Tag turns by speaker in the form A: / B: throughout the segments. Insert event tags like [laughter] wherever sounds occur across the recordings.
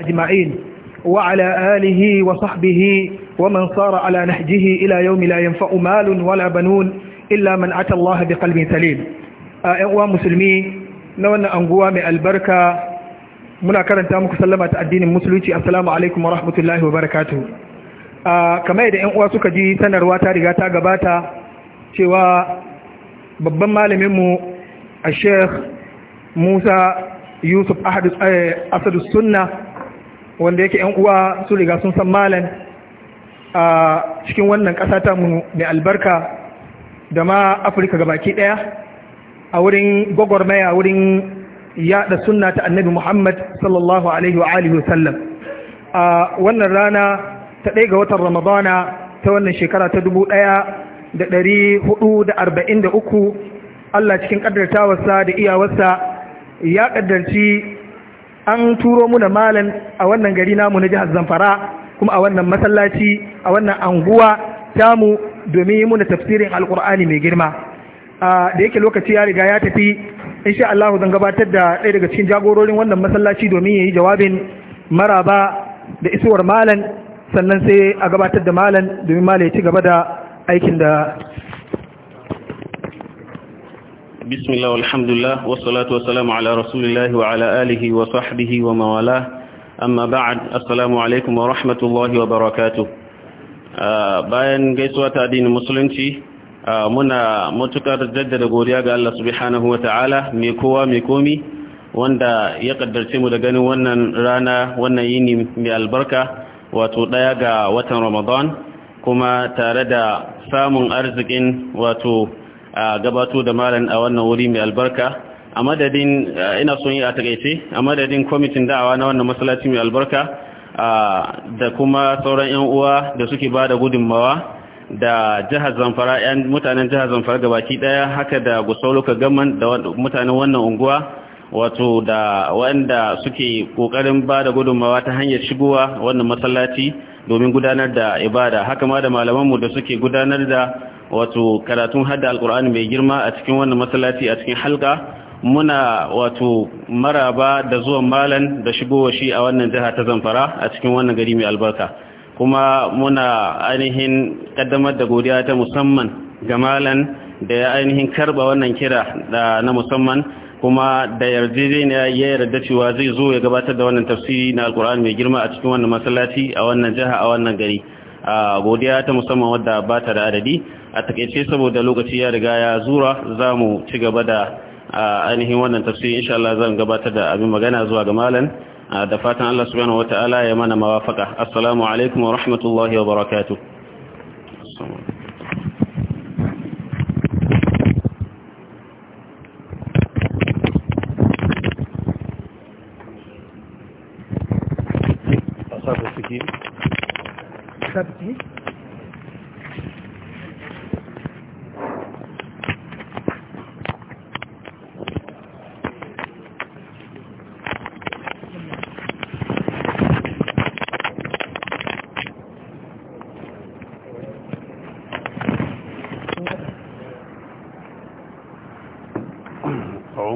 A: أجمعين وعلى آله وصحبه ومن صار على نهجه إلى يوم لا ينفع مال ولا بنون إلا من أتى الله بقلب سليم أعوى مسلمي نوانا أنقوى من البركة muna karanta muku sallama ta addinin musulunci عليكم alaikum wa وبركاته wa barakatuhu kamar yadda yan uwa suka ji sanarwa ta riga ta gabata cewa babban malaminmu a sheikh musa yusuf asadu sunna wanda yake yan uwa su riga sun san malam a cikin wannan ƙasa ta mu mai albarka da ma afirka baki ɗaya a wurin gwagwarmaya wurin yada sunna ta annabi muhammad sallallahu alaihi wa sallam a wannan rana ta ɗaya ga watan ramadana ta wannan shekara ta dubu ɗaya da ɗari hudu da arba'in da uku allah cikin ƙaddartawarsa da iyawarsa ya ƙaddarci an turo muna malam a wannan gari namu na jihar zamfara kuma a wannan masallaci a wannan anguwa tamu domin yi muna tafsirin alkur'ani mai girma da yake lokaci ya riga ya tafi insha Allah zan gabatar da ɗaya daga cikin jagororin wannan masallaci domin ya yi jawabin maraba da isuwar malam sannan sai a gabatar da malam domin malam ya ci gaba da aikin da
B: بسم الله والحمد لله والصلاة والسلام على رسول الله وعلى آله وصحبه وموالاه أما بعد السلام عليكم ورحمة الله وبركاته bayan gaisuwa ta addinin musulunci uh, muna matukar jaddada godiya ga Allah subhanahu wataala mai kowa mai komi wanda ya kaddarce mu da ganin wannan rana wannan yini mai albarka wato daya ga watan Ramadan kuma tare da samun arzikin wato a gabato da malam a wannan wuri mai albarka a madadin ina son yi a takaice a madadin kwamitin da'awa na wannan masallaci mai albarka da kuma sauran yan uwa da suke ba da gudunmawa da jihar zamfara yan mutanen jihar zamfara gabaki daya haka da gusauluka gaman da mutanen wannan unguwa wato da wanda suke kokarin ba da gudunmawa ta hanyar shigowa wannan masallaci domin gudanar da ibada haka ma da malamanmu da suke gudanar da wato karatun hada alkur'ani mai girma a cikin wannan masallaci a cikin halka muna wato maraba da zuwan malan da shigowa shi a wannan jiha ta zamfara a cikin wannan gari mai albarka kuma muna ainihin kaddamar da godiya ta musamman ga malan da ya ainihin karba wannan kira da na musamman kuma da yarjejeniya ya yarda cewa zai zo ya gabatar da wannan tafsiri na alkur'ani mai girma a cikin wannan masallaci a wannan jiha a wannan gari a godiya ta musamman wadda ba ta da adadi a takaice saboda lokaci ya riga ya zura za mu ci gaba da ainihin wannan tafsiri insha Allah zan gabatar da abin magana zuwa ga malam da fatan Allah subhanahu wataala ya mana mawafaka assalamu alaikum wa rahmatullahi wa barakatuh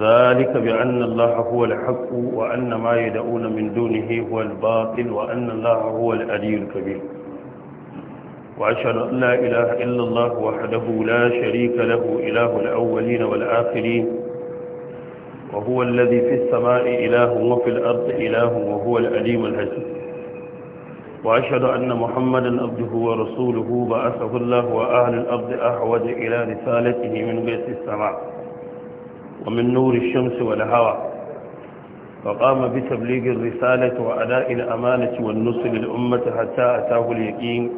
C: ذلك بأن الله هو الحق وأن ما يدعون من دونه هو الباطل وأن الله هو الألي الكبير وأشهد أن لا إله إلا الله وحده لا شريك له إله الأولين والآخرين وهو الذي في السماء إله وفي الأرض إله وهو الأليم الحكيم وأشهد أن محمدا عبده ورسوله بعثه الله وأهل الأرض أحوج إلى رسالته من بيت السماء ومن نور الشمس والهوى فقام بتبليغ الرسالة وأداء الأمانة والنصر للأمة حتى أتاه اليقين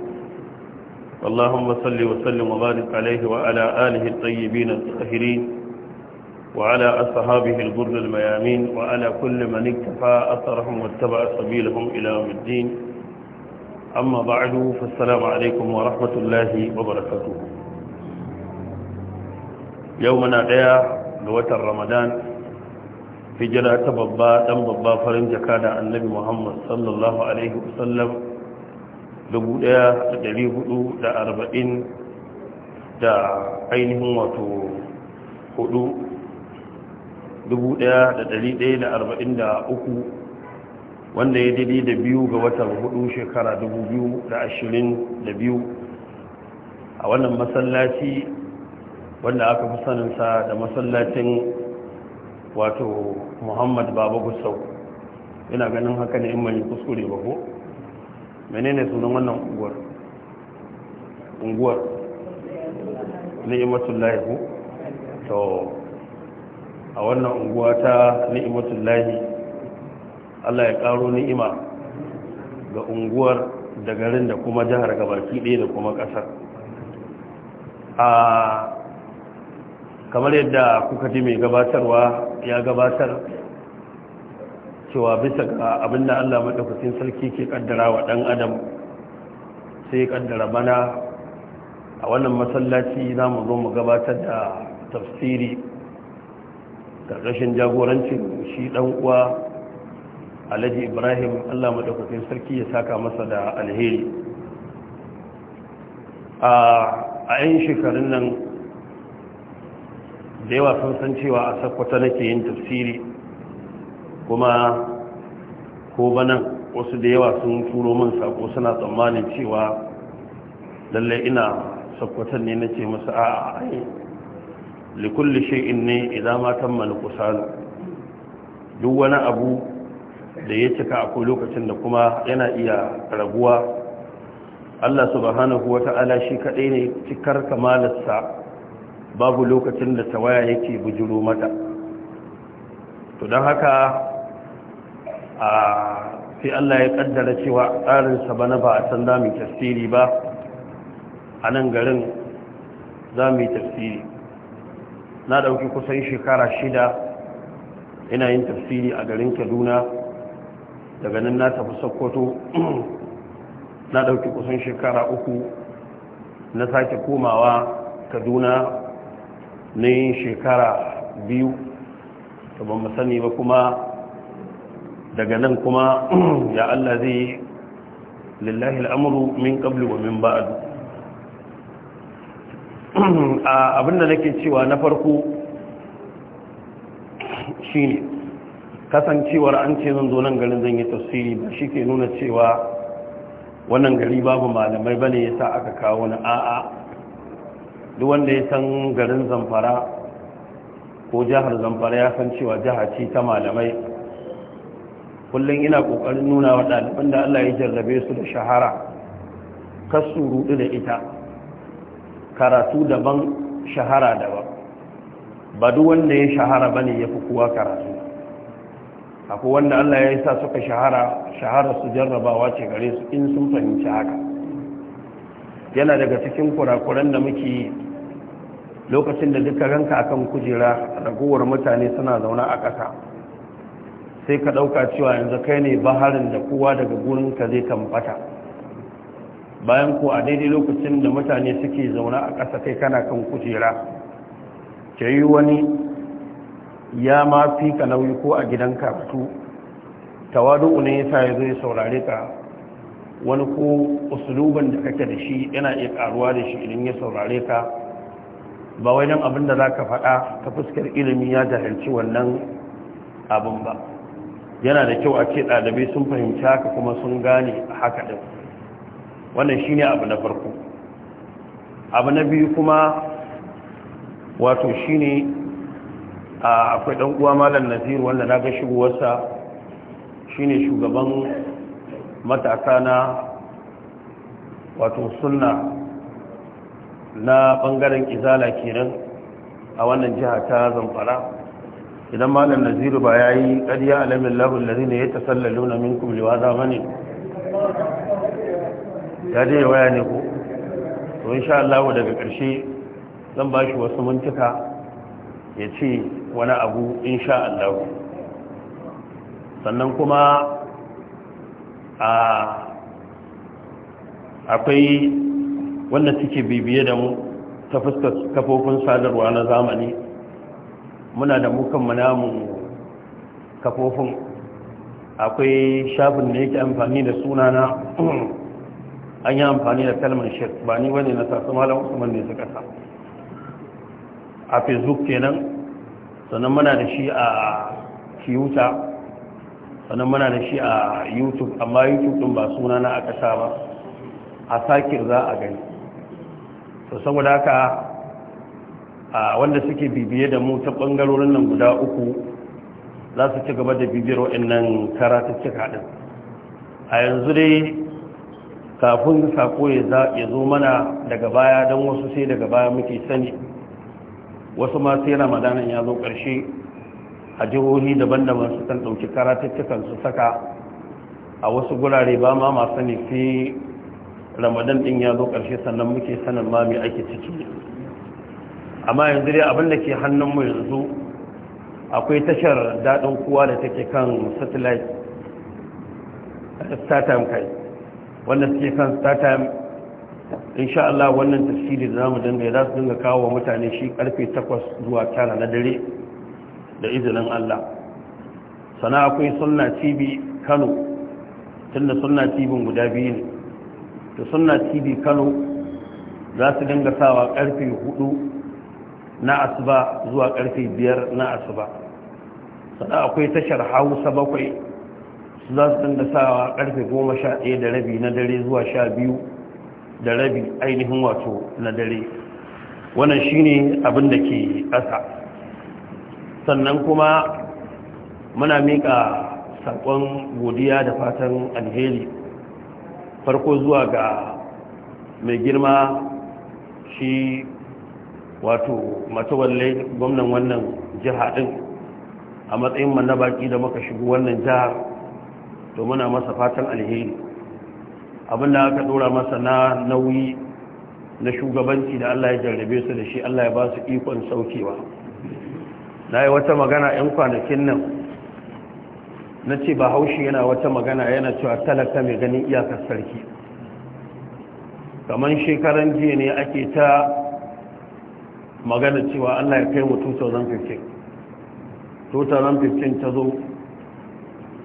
C: اللهم صل وسلم وبارك عليه وعلى آله الطيبين الطاهرين وعلى أصحابه الغر الميامين وعلى كل من اكتفى أثرهم واتبع سبيلهم إلى يوم الدين أما بعد فالسلام عليكم ورحمة الله وبركاته يومنا غياه ga watan ramadan hijira ta babba dan babba farin jaka da annabi muhammad sallallahu alaihi wasallam 1440 da ainihin wato 4 wanda ya dade da biyu ga watan hudu shekara 2022 a wannan masallaci wanda aka fi saninsa da masallacin wato muhammad baba gusau ina ganin haka ne in mai kuskure ba ko menene sunan wannan unguwar unguwar ni'imatul lahi to a wannan unguwa ta ni'imatul lahi Allah ya karo ni'ima ga unguwar da garin da kuma jihar gabaki ɗaya da kuma ƙasar a kamar yadda kuka ji mai gabatarwa ya gabatar cewa bisa ga abinda Allah madaukakin sarki ke kaddara wa ɗan adam sai ƙaddara bana a wannan masallaci za mu zo mu gabatar da tafsiri ƙarƙashin jagorancin shi ɗan uwa alhaji ibrahim allah maɗaukakin sarki ya saka masa da alheri a 'yan shekarun nan da yawa sun san cewa a sakwata nake yin tafsiri kuma ko banan wasu da yawa sun turo min sako suna tsammanin cewa lallai ina sakwatan ne nake masu a ayi likulli in ne idan ma tammal duk wani abu da ya cika akwai lokacin da kuma yana iya raguwa Allah subhanahu wata'ala shi kadai ne cikar kamalarsa babu lokacin da tawaya yake bujiro mata to don haka a sai Allah ya kaddara cewa tsarinsa bana ba a san damin tafsiri ba a nan garin za mu tafsiri na ɗauki kusan shekara shida ina yin tafsiri a garin kaduna daga nan na tafi sokoto [clears throat] na ɗauki kusan shekara uku na sake komawa kaduna na shekara biyu to ban sani ba kuma daga nan kuma [clears throat] ya Allah zai lillahi al'amuru min ƙabli wa min ba'adu [clears throat] abinda nake cewa na farko [clears throat] shi ne kasancewar an ce zan zo nan garin zan yi tafsiri ba shi ke nuna cewa wannan gari babu malamai bane sa aka kawo na a'a duk wanda ya san garin zamfara ko jihar zamfara ya san cewa jihar ce ta malamai kullum ina ƙoƙarin nuna wa ɗaliban da allah ya jarrabe su da shahara kasu rudu da ita karatu daban shahara daban ba duk wanda ya shahara bane ya fi kowa karatu akwai wanda Allah ya yi sa suka shahara shahara su jarrabawa ce gare su in sun fahimci haka yana daga cikin kurakuran da muke lokacin da duka ranka akan kujera ragowar mutane suna zauna a ƙasa sai ka ɗauka cewa yanzu kai ne baharin da kowa daga gurinka zai tambata bayan ko a daidai lokacin da mutane suke zauna a ƙasa kai kana kan kujera ke yi wani ya ma fi ka nauyi ko a gidan karatu tawadu ne ya sa ya zo ya saurare ka wani ko usuluban da kake da shi yana iya karuwa da shi idan ya saurare ka ba wai nan abin da za ka faɗa ta fuskar ilimi ya jahilci wannan abin ba yana da kyau a ce ɗalibai sun fahimci haka kuma sun gane a haka ɗin wannan shi ne abu na farko abu na biyu kuma wato shi ne akwai ɗan uwa malam nazir wanda na ga shigowarsa shi ne shugaban matasa na wato
D: sunna
C: na bangaren izala kenan a wannan jiha ta zamfara idan malam naziru ba ya yi ƙarya alamin lahun lari ne ya tasallalu na minkum liwaza ne ya je waya ne ko to sha Allah daga ƙarshe zan ba shi wasu mintuka ya ce wani abu in sha Allah sannan kuma a akwai wanda suke bibiye da mu ta fuskar kafofin sadarwa na zamani muna da mukan namun kafofin akwai shafin da yake amfani da suna na [clears throat] an yi amfani da kalmar shek ba ni wani na sasu malam usman ne suka sa a facebook kenan sannan muna da shi a kiyuta sannan muna da shi a youtube amma youtube ɗin ba suna na a kasa ba a sakir za a gani to saboda haka a wanda suke bibiye da mu ta bangarorin nan guda uku za su ci gaba da bibiyar waɗannan karatuttuka din a yanzu dai kafin sako ya zo mana daga baya don wasu sai daga baya muke sani wasu ma sai ramadanan ya zo ƙarshe a jihohi daban-daban su kan ɗauki karatuttukan su saka a wasu gurare ba ma masu ne sai ramadan din ya zo karshe sannan muke sanin ma mai ake ciki amma yanzu dai abin da ke hannunmu yanzu akwai tashar daɗin kowa da take kan satellite startime kai wannan suke kan startime insha Allah wannan tafsiri da zamu dinga za su dinga kawo wa mutane shi karfe 8 zuwa 9 na dare da izinin Allah sana akwai sunna tv Kano tunda sunna tv guda biyu ne to sunna tv kano za su dinga sawa karfe hudu na asuba zuwa karfe biyar na asuba sada akwai tashar hausa bakwai su za su dinga sawa karfe goma sha ɗaya da rabi na dare zuwa sha biyu da rabi ainihin wato na dare wannan shine abin da ke ƙasa sannan kuma muna miƙa saƙon godiya da fatan alheri farko zuwa ga mai girma shi wato matawalle gwamnan wannan jiha din a matsayin na baki da muka shigo wannan jihar to muna masa fatan alheri abinda aka dora masa na nauyi na shugabanci da Allah ya jarrabe su da shi Allah ya ba su ikon saukewa na yi wata magana 'yan kwanakin nan na ce ba haushi yana wata magana yana cewa talaka mai ganin iyakar sarki kamar shekaran jiya ne ake ta magana cewa allah ya kai mu 2015 2015 ta zo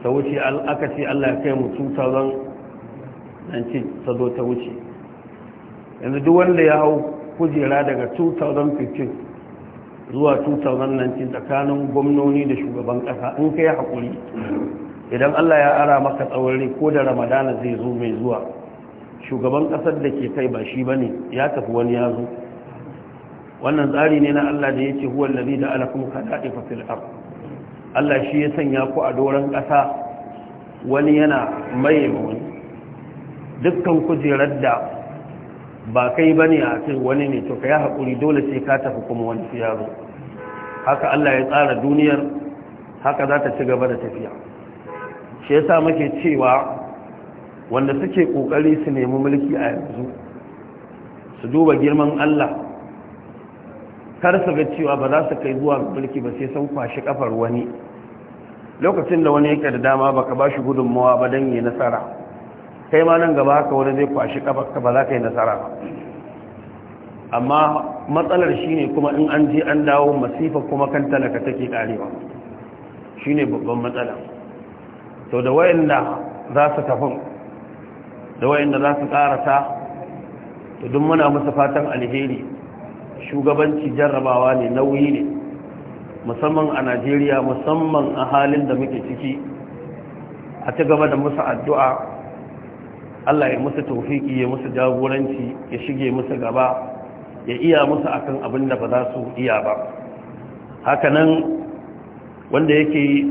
C: ta wuce aka ce allah ya kai mu 2019 ta zo ta wuce yanzu duk wanda ya hau kujera daga 2015 zuwa 2019 tsakanin gwamnoni da shugaban ƙasa in ka yi haƙuri idan Allah ya ara maka tsawon ko da ramadana zai zo mai zuwa shugaban ƙasar da ke kai ba shi ba ne ya tafi wani ya zo wannan tsari ne na Allah da ya ce huwa lalli da alakun kaɗaɗe fasil ar Allah shi ya sanya ku a doron ƙasa wani yana maye wani dukkan kujerar da ba kai bane a ce wani ne to kai hakuri dole sai ka tafi kuma wani yaro haka Allah ya tsara duniyar haka za ta ci gaba da tafiya shi yasa muke cewa wanda suke kokari su nemi mulki a yanzu su duba girman Allah kar su ga cewa ba za su kai zuwa mulki ba sai sun kwashi kafar wani lokacin da wani yake da dama baka ba shi gudunmawa ba dan yi nasara kai ma nan gaba haka wani zai kwashi kafarka ba za ka yi nasara ba amma matsalar shine kuma in an ji an dawo masifa kuma kan talaka take karewa shine babban matsala to da wayanda za su tafin da wayanda za su karata to duk muna musu fatan alheri shugabanci jarrabawa ne nauyi ne musamman a Najeriya musamman a halin da muke ciki a ci gaba da musu addu'a Allah ya musu tofiki ya musu jagoranci ya shige musu gaba ya iya musu akan abin da ba za su iya ba hakanan wanda yake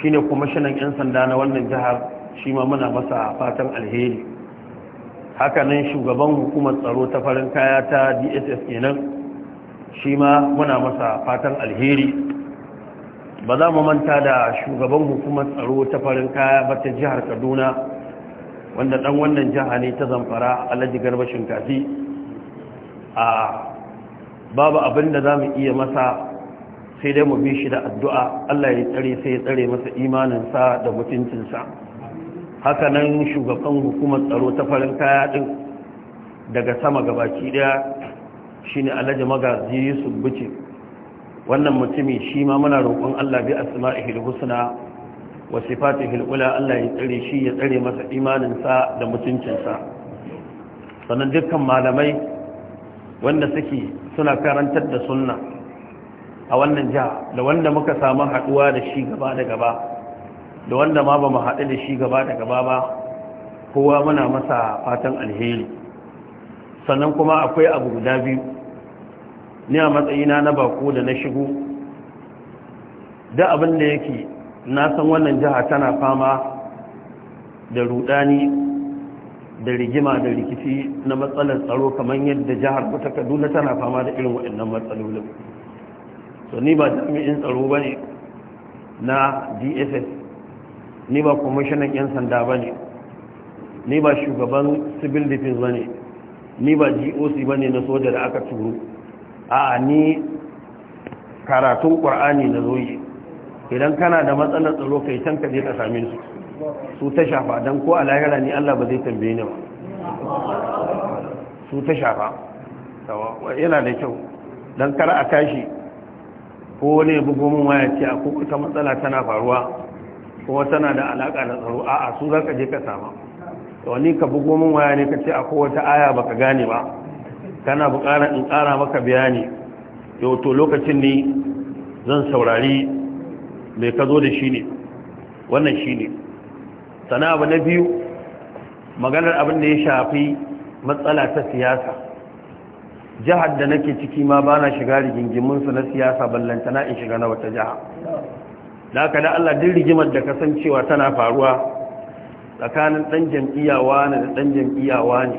C: shine kwamishinan 'yan sanda na wannan jihar shi ma muna masa fatan alheri hakanan shugaban hukumar tsaro ta farin kaya ta dss kenan shi ma muna masa fatan alheri ba za mu manta da shugaban hukumar tsaro ta farin kaya ba ta jihar kaduna wanda dan wannan jiha ne ta zamfara alhaji garba shinkafi a babu abin da zamu iya masa sai dai mu bi shi da addu'a Allah ya tsare sai ya tsare masa imaninsa da mutuncinsa haka nan shugaban hukumar tsaro ta farin kaya din daga sama gabaki ɗaya shi ne alhaji magazi yusuf buce wannan mutumin shi ma muna roƙon Allah bi asma'ihil husna wa sifatihi ula Allah ya tsare shi ya tsare masa imaninsa da mutuncinsa sannan dukkan malamai wanda suke suna karantar da sunna a wannan jiha da wanda muka samu haɗuwa da shi gaba da gaba da wanda ma ba mu haɗu da shi gaba da gaba ba kowa muna masa fatan alheri sannan kuma akwai abu guda biyu ni a matsayina na bako da na shigo da abin da yake na san wannan jiha tana fama da rudani da rigima da rikici na matsalar tsaro kamar yadda jihar ta kaduna tana fama da irin waɗannan matsalolin so ni ba jami'in tsaro ba ne na dss ni ba kwamishinan 'yan sanda ba ne ni ba shugaban civil defense ba ne ni ba goc ba ne na soja da aka turo a ni karatun ƙwar'ani na zoye idan kana da matsalar tsaro kai can ka je ka same su su ta shafa don ko a lahira ni Allah ba zai tambaye ni ba su ta shafa yana da kyau don kar a tashi ko ne bugu ma waya ce a ko ta matsala tana faruwa ko tana da alaka da tsaro a'a su za ka je ka sama wani ka bugu mun waya ne ka ce a wata aya baka gane ba kana buƙatar in ƙara maka bayani yau to lokacin ne zan saurari mai ka zo da shi ne wannan shi ne sana abu na biyu maganar abin da ya shafi matsala ta siyasa jihar da nake ciki ma ba na shiga rigingiminsu na siyasa na in shiga na wata jiha da aka da allah duk rigimar da kasancewa tana faruwa tsakanin ɗan jam'iyyawa ne da ɗan jam'iyyawa ne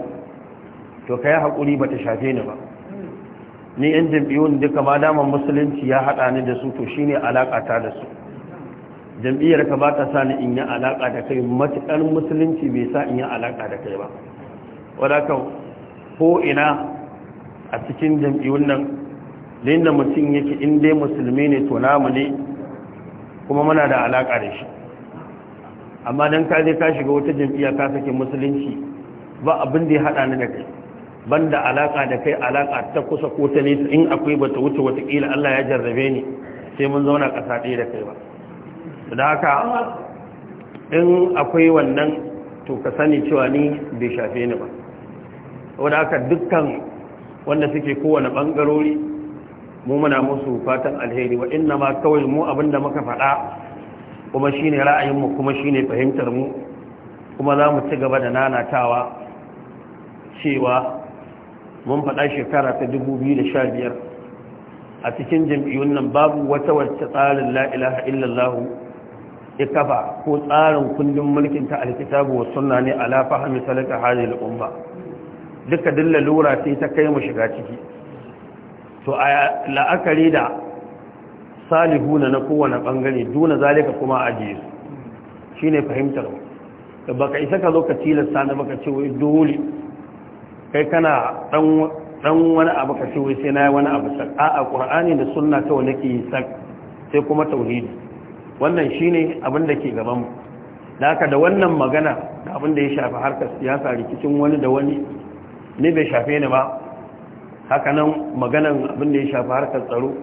C: to ka yi haƙuri ba ta shafe ni ba ni yan jam'iyyun duka ma daman musulunci ya haɗa ni da su to shine ta da su jam'iyyar ka ba ta sa ni in yi alaƙa da kai matuƙar musulunci bai sa in yi alaƙa da kai ba wadaka ko ina a cikin jam'iyyun nan da mutum yake in dai musulmi ne to namu ne kuma muna da alaƙa da shi amma don ka je ka shiga wata jam'iyya ka sake musulunci ba abin da ya haɗa ni da kai banda alaka da kai alaƙa ta kusa ko ta nesa in akwai bata wuce wata watakila Allah ya jarrabe ni sai mun zauna ƙasa ɗaya da kai ba da haka in akwai wannan to ka sani cewa ni bai shafe ni ba wadda haka dukkan wanda suke kowane ɓangarori mu muna musu fatan alheri wa inna ma kawai mu abinda muka faɗa kuma ne ra'ayinmu kuma ne fahimtar mu kuma za mu ci gaba da nanatawa cewa mun faɗa shekara ta 2015 a cikin jam'iyyun nan babu wata wacce tsarin la'ilaha illallahu illallah ya kafa ko tsarin kundin mulkin ta alkitabu wa suna ne a lafaha misali hadhihi al-umma duka dilla lura sai ta kai mu shiga ciki to a la'akari da salihu na kowane bangare duna zalika kuma jiye su shine fahimtar mu da baka isa ka zo ka tilasta na baka ce wai dole kai kana dan wani abu ka ce wai sai na yi wani abu da sunna sai kuma tauhidi wannan shine abin da ke gaban mu da haka da wannan magana da abin da ya shafi harkar siyasa rikicin wani da wani ne bai shafe ni ba haka nan maganan abin da ya shafi harkar tsaro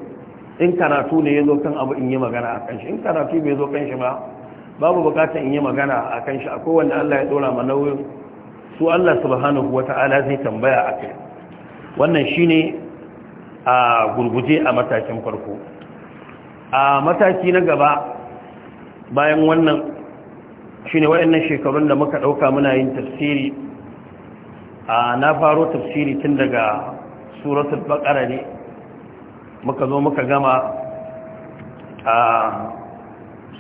C: in karatu ne ya zo kan abu in yi magana a kanshi in karatu bai zo kanshi ba babu bukatar in yi magana a kanshi akwai wanda Allah ya dora ma nauyin su Allah subhanahu wa ta'ala zai tambaya a kai wannan shine a gurguje a matakin farko a mataki na gaba bayan wannan shi ne waɗannan shekarun da muka ɗauka muna yin tafsiri a na faro tafsiri tun daga suratul bakara ne muka zo muka gama a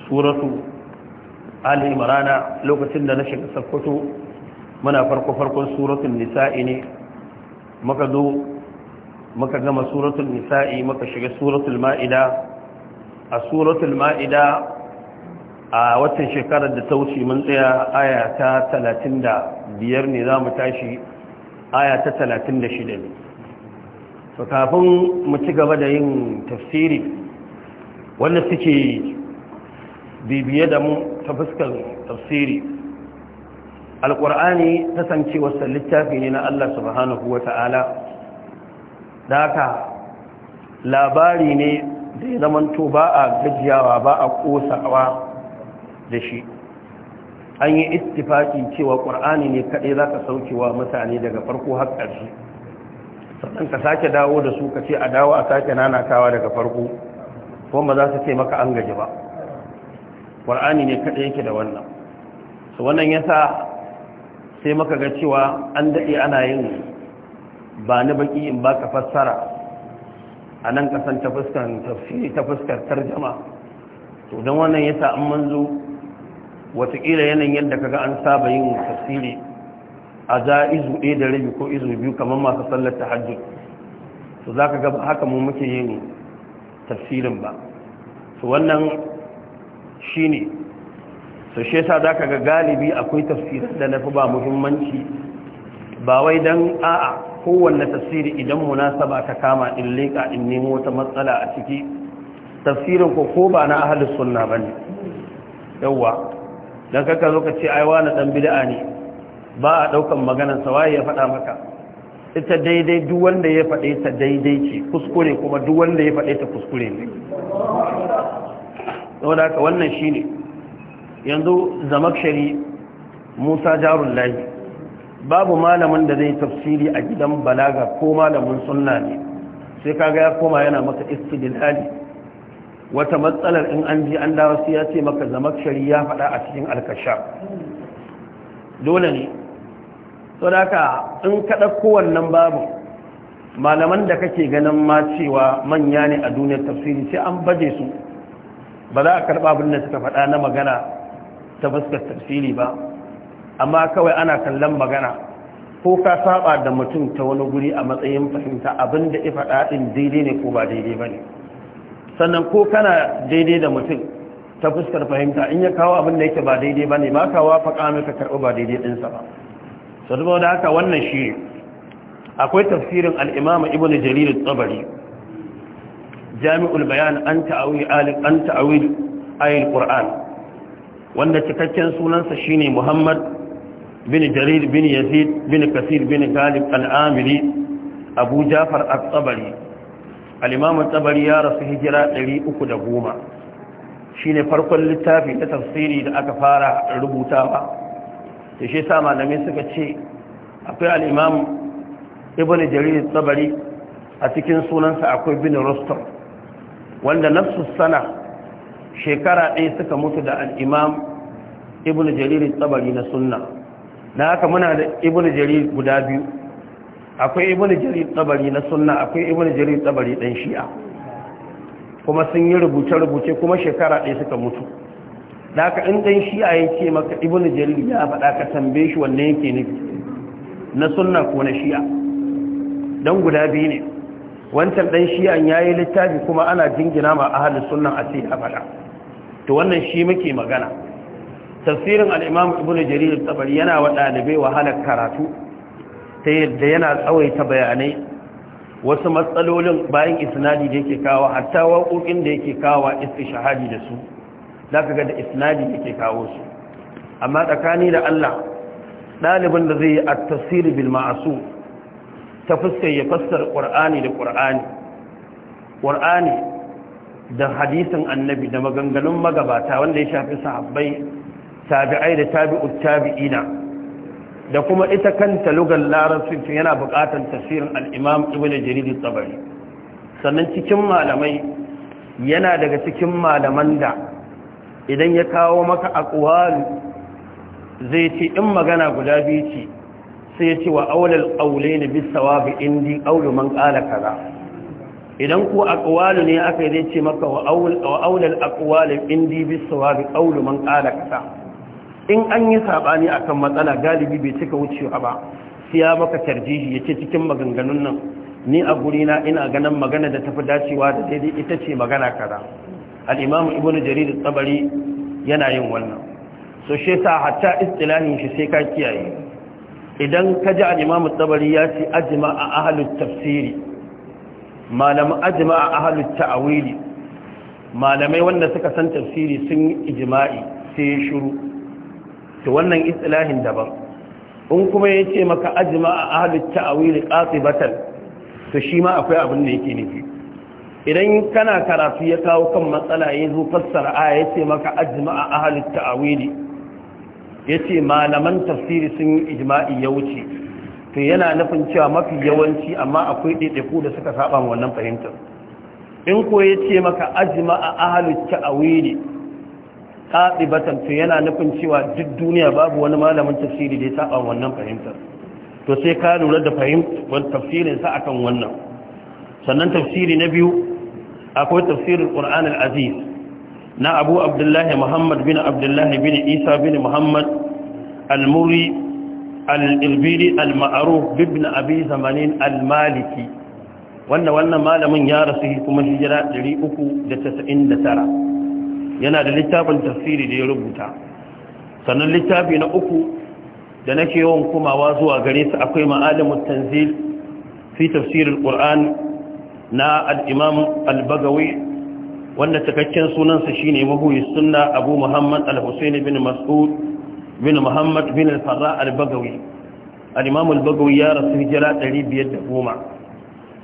C: suratu ali imarana lokacin da na shiga sakkwato muna farko farkon suratul nisa'i ne muka zo muka gama suratul nisa'i muka shiga suratul ma'ida a suratul ma'ida a watan shekarar da ta wuce mun tsaya aya ta biyar ne za mu tashi aya ta 36 ne to kafin mu ci gaba da yin tafsiri wanda suke bibiye da mu ta fuskar tafsiri alkur'ani cewa littafi ne na Allah subhanahu wa ta'ala da haka labari ne da ya zamanto ba a gajiyawa ba a ƙosawa da shi an yi istifaki cewa ƙur'ani ne kaɗai za ka wa mutane daga farko haƙar ƙarshe sannan ka sake dawo da su ka ce a dawo a sake nanatawa daga farko kuma za su ce maka an gaji ba ƙur'ani ne kaɗai yake da wannan su wannan ya sa sai maka ga cewa an daɗe ana yin ba ni baƙi in ba ka fassara a nan ƙasan ta fuskar tarjama to don wannan ya sa an manzo Wataƙila yanayin yadda ga an saba yin tafsiri a za izu ɗaya da rabi ko izu biyu kamar masu sallar hajji? su za ka gaba haka mu muke yin tafsirin ba Su wannan shi ne su shi sa za ka ga galibi akwai tafsirin da na fi ba muhimmanci ba wai don a'a kowanne tafsiri idan munasaba ta kama in leƙa in nemo wata matsala a ciki tafsirin ko ko ba na ahalus sunna ne? yawwa dan kaka zo ka ce ai wani dan bid'a ne ba a daukan maganar sa waye ya faɗa maka ita daidai duk wanda ya faɗe ta daidai ce kuskure kuma duk wanda ya faɗe ta kuskure ne da haka wannan shine yanzu zamakshari Musa jarul babu malamin da zai tafsiri a gidan balaga ko malamin sunna ne sai kaga ya koma yana maka istidlali wata matsalar in an ji an dawo sai ya ce maka zama shari'a faɗa a cikin alkasha dole ne sau da ka in kaɗa wannan babu malaman da kake ganin ma cewa manya ne a duniyar tafsiri sai an baje su ba za a karɓa abin da suka faɗa na magana ta fuskar tafsiri ba amma kawai ana kallon magana ko ka saba da mutum ta wani guri a matsayin fahimta abin da ifa ɗaɗin daidai ne ko ba daidai ba ne sannan ko kana daidai da mutum ta fuskar fahimta in ya kawo abin da yake ba daidai ba ne ba kawo faƙa mai ka karɓi ba daidai ɗinsa ba zuba da haka wannan shi akwai tafsirin al'imama ibn jarir tsabari jami'ul bayan an ta'awil an ayil wanda cikakken sunansa shi ne muhammad bin jarir bin yazid bin kasir bin galib alamiri abu jafar al-tsabari al'imamun tabari ya rasu hijira 310 shi ne farkon littafi ta tafsiri da aka fara rubutawa da shi sa malamai suka ce akwai al'imam ibn jaririn tabari a cikin sunansa akwai bin rostom wanda nafsu sana shekara ɗaya suka mutu da al'imam ibn jaririn tabari na sunna na haka muna da ibn jarir guda biyu akwai ibn jarir tabari na sunna akwai ibn jarir tabari dan shi'a kuma sun yi rubuce-rubuce kuma shekara ɗaya suka mutu da in dan shi'a yake maka ibn jarir ya faɗa ka tambaye shi wanne yake nufi na sunna ko na shi'a dan guda biyu ne wancan dan shi'an yayi littafi kuma ana jingina ma ahlus sunna a sai faɗa to wannan shi muke magana tafsirin al-imam ibn jarir tabari yana wa bai wahalar karatu ta yadda yana tsawaita bayanai wasu matsalolin bayan isnadi da yake kawo hatta waƙoƙin da yake kawo shahadi da su za ka ga da isnadi yake kawo su amma tsakani da Allah ɗalibin da zai yi a tasiri bil ma'asu ta fuskar ya fassara ƙwar'ani da ƙwar'ani ƙwar'ani da hadisin Annabi da maganganun magabata wanda ya shafi sahabbai tabi'ai da tabi'ut tabi'ina da kuma ita kanta lugar larabcin yana buƙatar tafsirin al'imam ibn jaridin tsabari sannan cikin malamai yana daga cikin malaman da idan ya kawo maka akwalu zai ce in magana guda biyu ce sai ya ce wa aulal aule ne bisawa bi indi aulu man ƙala kaza idan ku akwalu ne aka yi zai ce maka wa aulal akwalu indi bisawa bi aulu man ƙala kaza in an yi saɓani akan matsala galibi bai cika wucewa ba Siya maka tarjihi yace cikin maganganun nan ni a gurina ina ganin magana da tafi dacewa da daidai ita ce magana kaza al'imamu ibn jarir tsabari yana yin wannan so shi sa hatta istilahin shi sai ka kiyaye idan ka ji al'imamu tsabari ya ce a ahlus tafsiri malamu a malamai wanda suka san tafsiri sun yi ijima'i sai shiru to wannan istilahin daban in kuma ya ce maka ajima a ahalin ta'awili batal to shi ma akwai abin da yake nufi idan kana karatu ya kawo kan matsala ya zo fassara aya ya ce maka ajima a ahalin ta'awili ya ce malaman tafsiri sun yi ijma'i ya wuce to yana nufin cewa mafi yawanci amma akwai ɗaiɗaiku da suka saba wannan fahimtar in ko ya ce maka ajima a ahalin ta'awili qatibatan to yana nufin cewa duk duniya babu wani malamin tafsiri da ya saba wannan fahimtar to sai ka lura da fahimtar tafsirin sa akan wannan sannan tafsiri na biyu akwai tafsirin Qur'an al-Aziz na Abu Abdullahi Muhammad bin Abdullahi, bin Isa bin Muhammad al-Muri al-Irbiri al-Ma'ruf ibn Abi Zamanin al-Maliki wanda wannan malamin ya rasu kuma hijira 399 yana da littafin tafsiri da ya rubuta sannan littafi na uku da nake yawan komawa zuwa gare su akwai ma'alimin tanzil fi tafsirin ƙur'an na al'imam al-bagawi wanda takakken sunansa shine mahuyi sunna abu muhammad al-husaini bin mas'ud bin muhammad bin al-farra al-bagawi al'imamu al-bagawi ya rasu hijira 510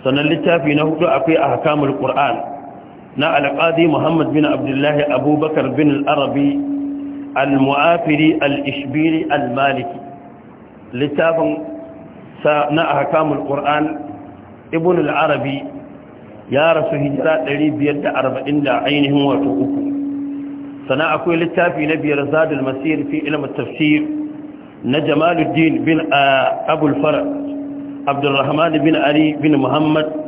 C: sannan littafi na hudu akwai a hakamul ƙur'an na alƙadi muhammad bin abdullahi abubakar bin al'arabi al-mu'afiri al-ishbiri al-maliki littafin na a hakamun ƙur'an ibn al'arabi ya rasu hijira 540 da ainihin wato uku sana akwai littafi na biyar zadul masir fi ilmin tafsir na jamaluddin bin ah, abulfar abdulrahman bin ali bin muhammad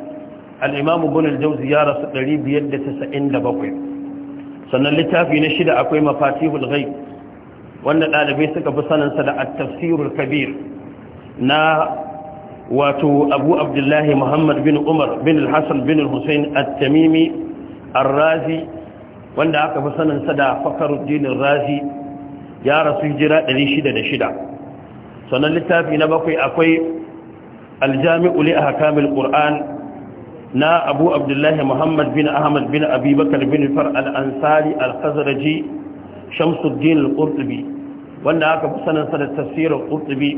C: al'imamu bunin jauzi ya rasu 597 sannan littafi na shida akwai mafatihul gai wanda ɗalibai suka fi sanansa da attafsirul kabir na wato abu abdullahi muhammad bin umar bin hassan bin hussein at-tamimi ar wanda aka fi sanansa da fakaruddinin razi ya rasu jira 606 sannan littafi na bakwai akwai aljami'u a ahkamil qur'an na abu abdullahi muhammad bin ahmad bin abubakar bin far al-ansari al-khazraji shamsuddin al-qurtubi wanda aka fi saninsa da tafsirin qurtubi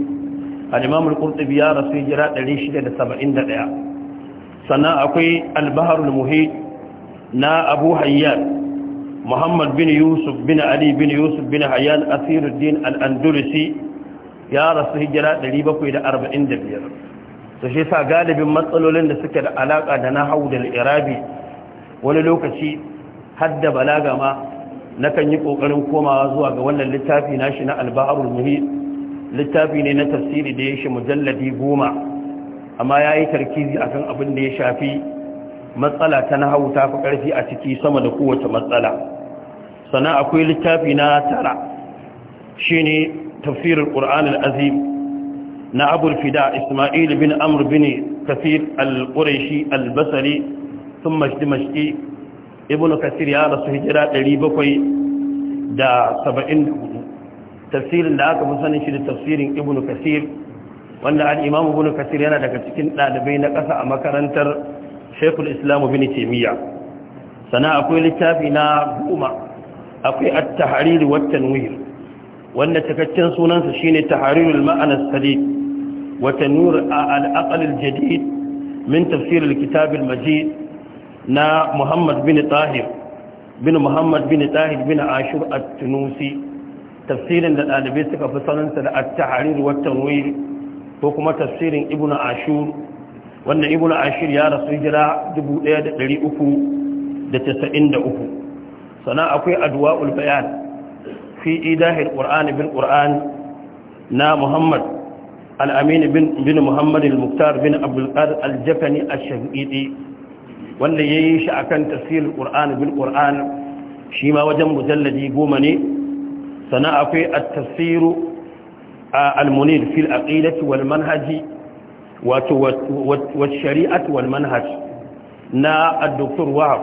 C: al-imam al ya rasu hijira 671 sannan akwai al-bahr na abu hayyan muhammad bin yusuf bin ali bin yusuf bin hayyan asiruddin al-andalusi ya rasu hijira 745 to shi sa galibin matsalolin da suke da alaka da na hau da irabi wani lokaci hadda balaga ma nakan yi kokarin komawa zuwa ga wannan littafi shi na al-bahrul littafi ne na tafsiri da ya shi mujalladi goma amma ya yi tarkizi a kan abin da ya shafi matsala ta na ta fi ƙarfi a ciki sama da kowace matsala sannan akwai littafi na tara shi ne tafsirin ƙur'an azim. na abul fida ismail bin Amur bin kasir al-quraishi al-basri thumma dimashqi Ibn kasir ya rasu hijira 774 tafsirin da aka fi sanin shi da tafsirin Ibn kasir wanda al-imam ibnu kasir yana daga cikin ɗalibai na ƙasa a makarantar shaykhul islam bin taymiya sana akwai littafi na goma akwai at-tahrir wa at-tanwir wanda takaccen sunansa shine tahrirul ma'ana as-sadiq وتنور الأقل الجديد من تفسير الكتاب المجيد نا محمد بن طاهر بن محمد بن طاهر بن عاشور التنوسي تفسيرا للآلبي سكا فصلا التحرير والتنوير وكما تفسير ابن عاشور وأن ابن عاشور يا رسول جراء دبو ايد لريئكو دتسئن دأكو سنا أكوي أدواء البيان في إيداه القرآن بالقرآن نا محمد al'amin bin muhammad al-muktar bin abdulkar al-jakani al wanda ya yi shi a kan tasirin ƙur'an bin ƙur'an shi ma wajen mujalladi goma ne sana akwai a tasiru a almunir fil aqidati wal manhaji wato wat shari'at wal manhaj na ad-doktor wahab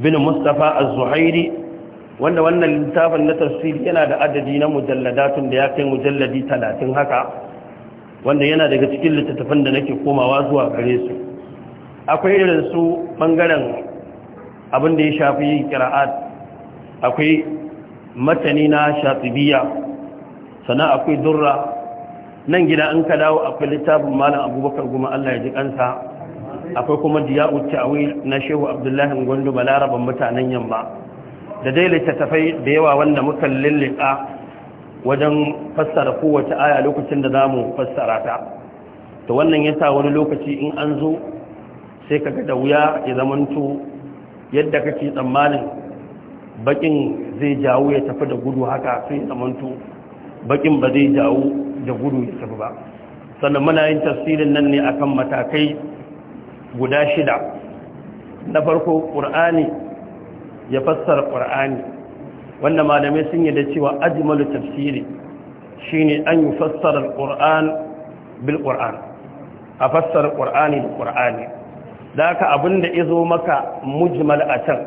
C: bin mustapha az-zuhairi wanda wannan littafin na tafsiri yana da adadi na mujalladatun da ya kai mujalladi talatin haka wanda yana daga cikin littattafan da nake komawa zuwa gare su akwai irin su bangaren abin da ya shafi yin kira'at akwai matani na shatibiya sannan akwai durra nan gida an ka dawo akwai littafin malam abubakar goma allah ya ji kansa akwai kuma diya'u awi na shehu abdullahi gwandu balaraban mutanen yamma da dai littattafai da yawa wanda muka lullika wajen fassara kowace aya lokacin da zamu fassara ta to wannan yasa wani lokaci in an zo sai kaga da wuya ya zamanto yadda kake tsammanin bakin zai jawo ya tafi da gudu haka sai ya zamanto bakin ba zai jawo da gudu ya tafi ba sannan muna yin tafsirin nan ne akan matakai guda shida na farko ƙur'ani ya fassara ƙur'ani wanda malamai sun yi da cewa ajmalu tafsiri shine an yi bilƙur'an. alquran bil qur'an a fassara qur'ani da qur'ani da haka abinda yazo maka mujmal a can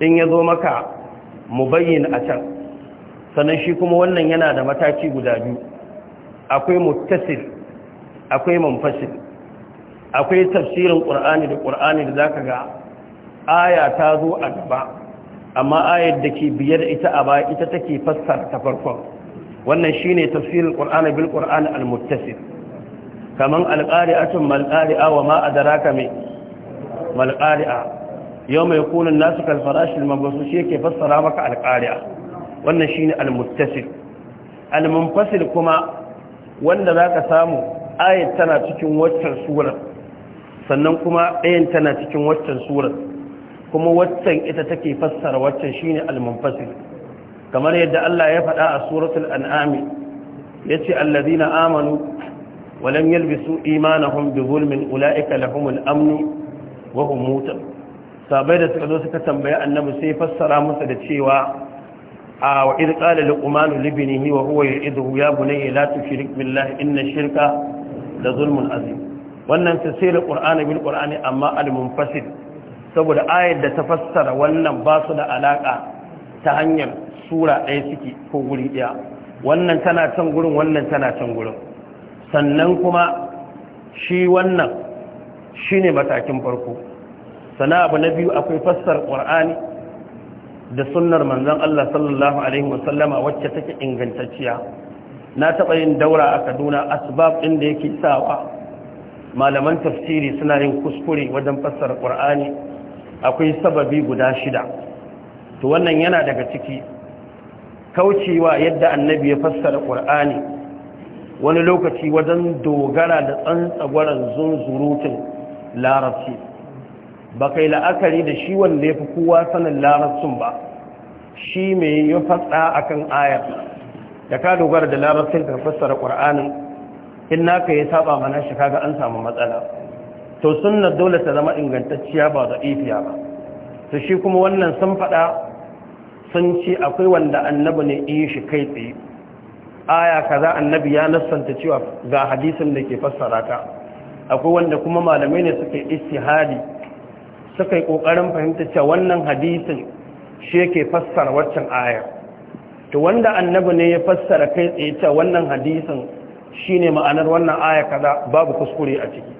C: in yazo maka mubayyin a can sannan shi kuma wannan yana da mataki guda biyu akwai muttasil akwai munfasil akwai tafsirin ƙur'ani da ƙur'ani da zaka ga aya ta zo a gaba amma ayar da ke biyar ita a baya ita take fassara ta farkon wannan shine tafsirin qur'ani bil qur'ani al muttasil kaman al qari'atun mal qari'a wa ma adraka me mal qari'a yawma yakunu an-nasu kal farash al mabsus yake fassara maka al qari'a wannan shine al muttasil al munfasil kuma wanda zaka samu ayat tana cikin waccan surar sannan kuma ɗayan tana cikin waccan surar kuma waccan ita take fassara waccan shine al-munfasil kamar yadda Allah ya faɗa a suratul an'ami yace allazina amanu wa lam yalbisu imanahum bi zulmin ulaika lahumul amn wa hum muhtadun sabai da suka zo suka tambaye annabi sai fassara musu da cewa a wa idh qala luqman li ibnihi wa huwa ya'idhu ya bunayya la tushrik billahi inna shirka la zulmun azim wannan tafsirul qur'ani bil qur'ani amma al-munfasil saboda ayar da ta fassara wannan ba su da alaƙa ta hanyar sura ɗaya suke ko guri ɗaya wannan tana can gurin wannan tana can gurin sannan kuma shi wannan shi ne matakin farko sana abu na biyu akwai fassar ƙwar'ani da sunnar manzan Allah sallallahu Alaihi wasallama wacce take ingantacciya na taɓa yin daura a kaduna asbab ɗin da yake sawa malaman tafsiri suna yin kuskure wajen fassara ƙwar'ani akwai sababi guda shida to wannan yana daga ciki kaucewa yadda annabi ya fassara ƙur'ani wani lokaci wajen dogara da tsantsagwaran zunzurutun larabci ba kai la'akari da shi wanda ya fi kowa sanin larabcin ba shi mai ya faɗa a kan ayar da ka dogara da larabcin ka fassara ƙur'anin in naka ya saba mana shi kaga an samu matsala to sunnar dole ta zama ingantacciya ba da ifiya ba to shi kuma wannan sun faɗa sun ce akwai wanda annabi ne yi shi kai tsaye aya kaza annabi ya nassanta cewa ga hadisin da ke fassara ta akwai wanda kuma malamai ne suka istihadi suka yi kokarin fahimta cewa wannan hadisin shi yake fassara waccan aya to wanda annabi ne ya fassara kai tsaye cewa wannan hadisin shine ma'anar wannan aya kaza babu kuskure a ciki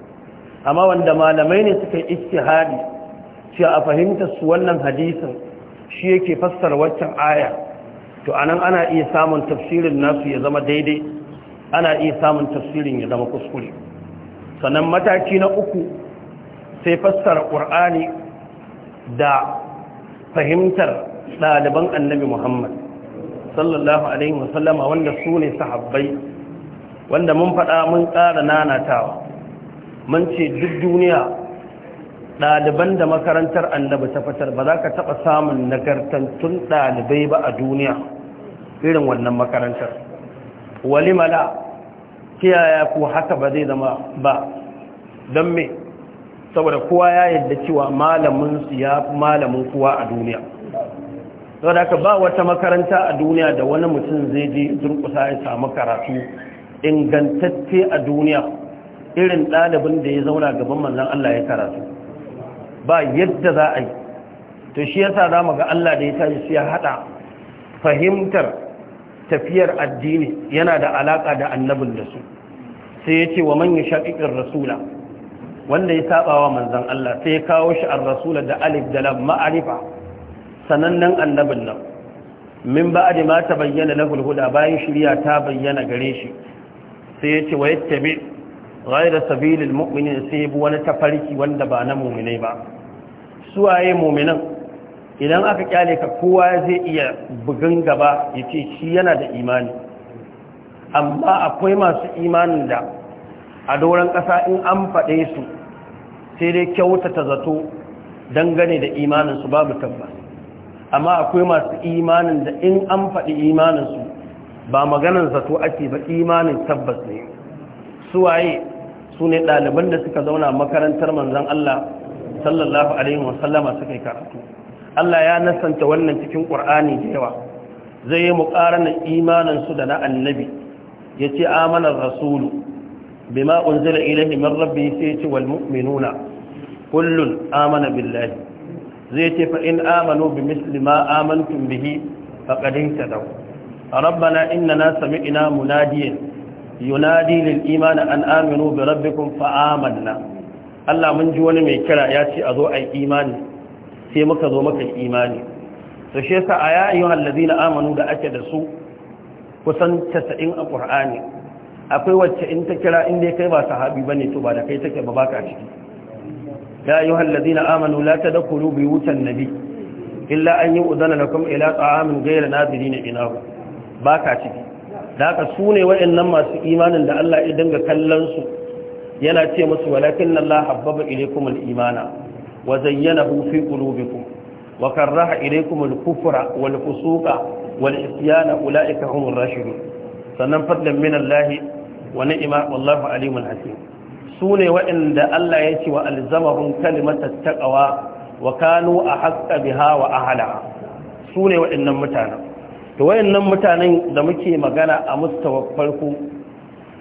C: amma wanda malamai ne suka yi ijtihadi cewa a fahimtar su wannan hadisin shi yake fassara waccan aya to anan ana iya samun tafsirin nasu ya zama daidai ana iya samun tafsirin ya zama kuskure sannan mataki na uku sai fassara ƙur'ani da fahimtar ɗaliban annabi muhammad sallallahu alaihi wasallama wanda su ne sahabbai wanda mun faɗa mun ƙara nanatawa man ce duk duniya ɗaliban da makarantar annabi ta fitar ba za ka taɓa samun tun ɗalibai ba a duniya irin wannan makarantar walimala kiyaya ko haka ba zai zama ba don me saboda kowa ya yadda cewa malamin su ya fi malamin kowa a duniya saboda haka ba wata makaranta a duniya da wani mutum zai je zurkusa ya samu karatu ingantacce a duniya irin ɗalibin da ya zauna gaban manzan Allah ya karatu ba yadda za a yi to shi yasa za mu ga Allah da ya tashi su ya haɗa fahimtar tafiyar addini yana da alaƙa da annabin da su sai ya ce wa manyan shaƙiƙin rasula wanda ya saba wa manzan Allah sai ya kawo shi an rasula da alif da lam ma'arifa sanannen annabin nan min ba a ma ta bayyana na hulhuda bayan shirya ta bayyana gare shi sai ya ce wa yattabi ghayra sabilil mu'minin sai bu wani tafarki wanda ba na mu'minai ba suwaye mu'minan idan aka kyale ka kowa zai iya bugun gaba ya ce shi yana da imani amma akwai masu imanin da a doran ƙasa in an faɗe su sai dai kyautata zato dangane da imanin su babu tabbas amma akwai masu imanin da in an faɗi su ba maganin zato ake ba imanin tabbas ne su waye. su ne ɗaliban da suka zauna makarantar manzan Allah sallallahu alaihi wasallama suka yi karatu Allah ya nasanta wannan cikin ƙur'ani da yawa zai yi muƙaranar imaninsu da na annabi ya ce amanar rasulu bima unzila ilahi min rabbi sai ya ce wal mu'minuna kullun amana billahi zai ce fa in amanu bi A ma amantum bihi faqad ihtadaw rabbana innana sami'na munadiyan yunadi lil imani an aminu bi rabbikum fa amanna Allah mun ji wani mai kira ya ce a zo ai imani sai muka zo muka imani to shi yasa aya ayyuhal ladina amanu da ake da su kusan 90 a akwai wacce in ta kira in dai kai ba sahabi bane to ba da kai take ba baka ciki ya ayyuhal ladina amanu la tadkhulu buyutan nabi illa an yu'dana lakum ila ta'amin ghayra nadirin inahu baka ciki da haka su ne waɗannan masu imanin da Allah ya dinga kallonsu yana ce masu walakin Allah habbaba ilaykum al-imana wa zayyanahu fi qulubikum wa karraha ilaykum al-kufra wal kusuka wal isyana ulaika humur rashidu sannan fadlan min Allah wa ni'ma wallahu alimul hakim su ne waɗanda Allah ya ce wa alzamahum kalimatat taqwa wa kanu haska biha wa ahlaha su ne waɗannan mutanen to wayannan mutanen da muke magana a mustawa farko